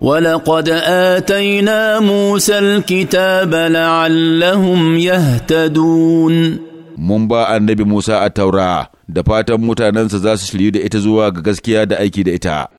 ولقد اتينا موسى الكتاب لعلهم يهتدون mun ba annabi Musa a taura da fatan mutanensa za su shiryu da ita zuwa ga gaskiya da aiki da ita.